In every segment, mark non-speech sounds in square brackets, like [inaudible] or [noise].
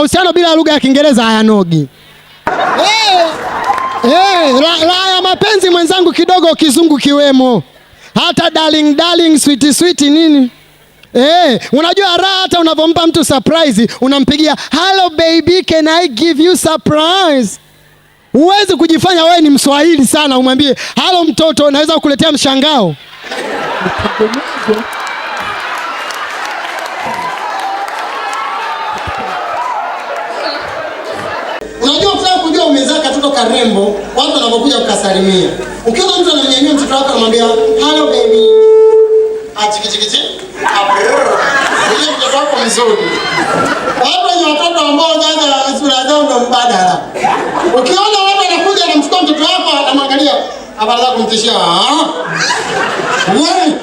mahusiano bila lugha ya Kiingereza hayanogi. Hey, eh, eh, hey, la, la ya mapenzi mwenzangu, kidogo kizungu kiwemo, hata darling, darling, sweet, sweet nini Hey, eh, unajua raha hata unavyompa mtu surprise, unampigia hello baby, can I give you surprise? Huwezi kujifanya wewe ni Mswahili sana umwambie halo mtoto, naweza kukuletea mshangao anakuwaga rembo, watu wanapokuja kukasalimia, ukiona mtu anamnyanyua mtoto wako anamwambia hello baby, atikitikiti ah, ile mtoto wako mzuri. Watu wenye watoto ambao jaza sura zao ndo mbadala, ukiona watu wanakuja anamchukua mtoto wako anamwangalia, habari zako, ah. wewe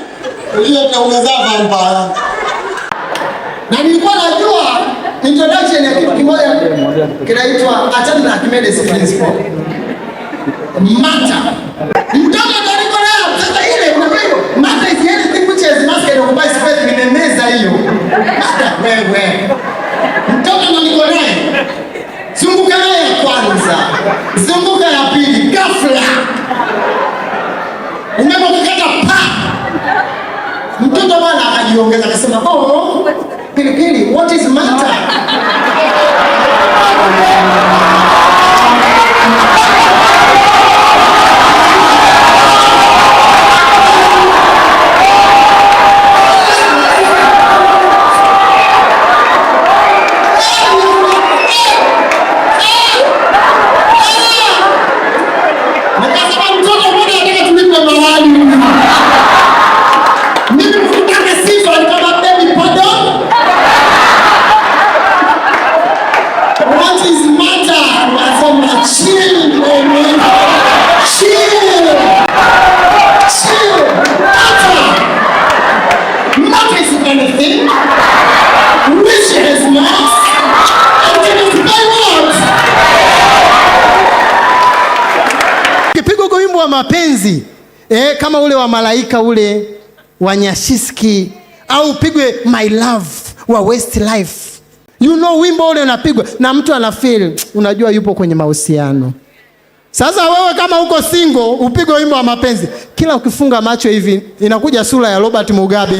uliyetaumezaa vampara, na nilikuwa najua introduction ya kitu kimoja kinaitwa achana na Archimedes principle. Matter. Mtoto aliko leo sasa ile unajua mata is anything which has masked or occupies space kwenye meza hiyo. mata wewe. Mtoto niko leo. Zunguka naye kwanza. Zunguka ya pili ghafla. Unapokata pa. Mtoto bwana akajiongeza akasema, "Oh, Pilipili, what is matter? [laughs] kind of thing, which is not wa mapenzi eh, kama ule wa malaika ule wa Nyashiski au pigwe my love wa Westlife, you know, wimbo ule unapigwa na mtu anafeel, unajua yupo kwenye mahusiano. Sasa wewe kama uko single, upigwe wimbo wa mapenzi, kila ukifunga macho hivi inakuja sura ya Robert Mugabe.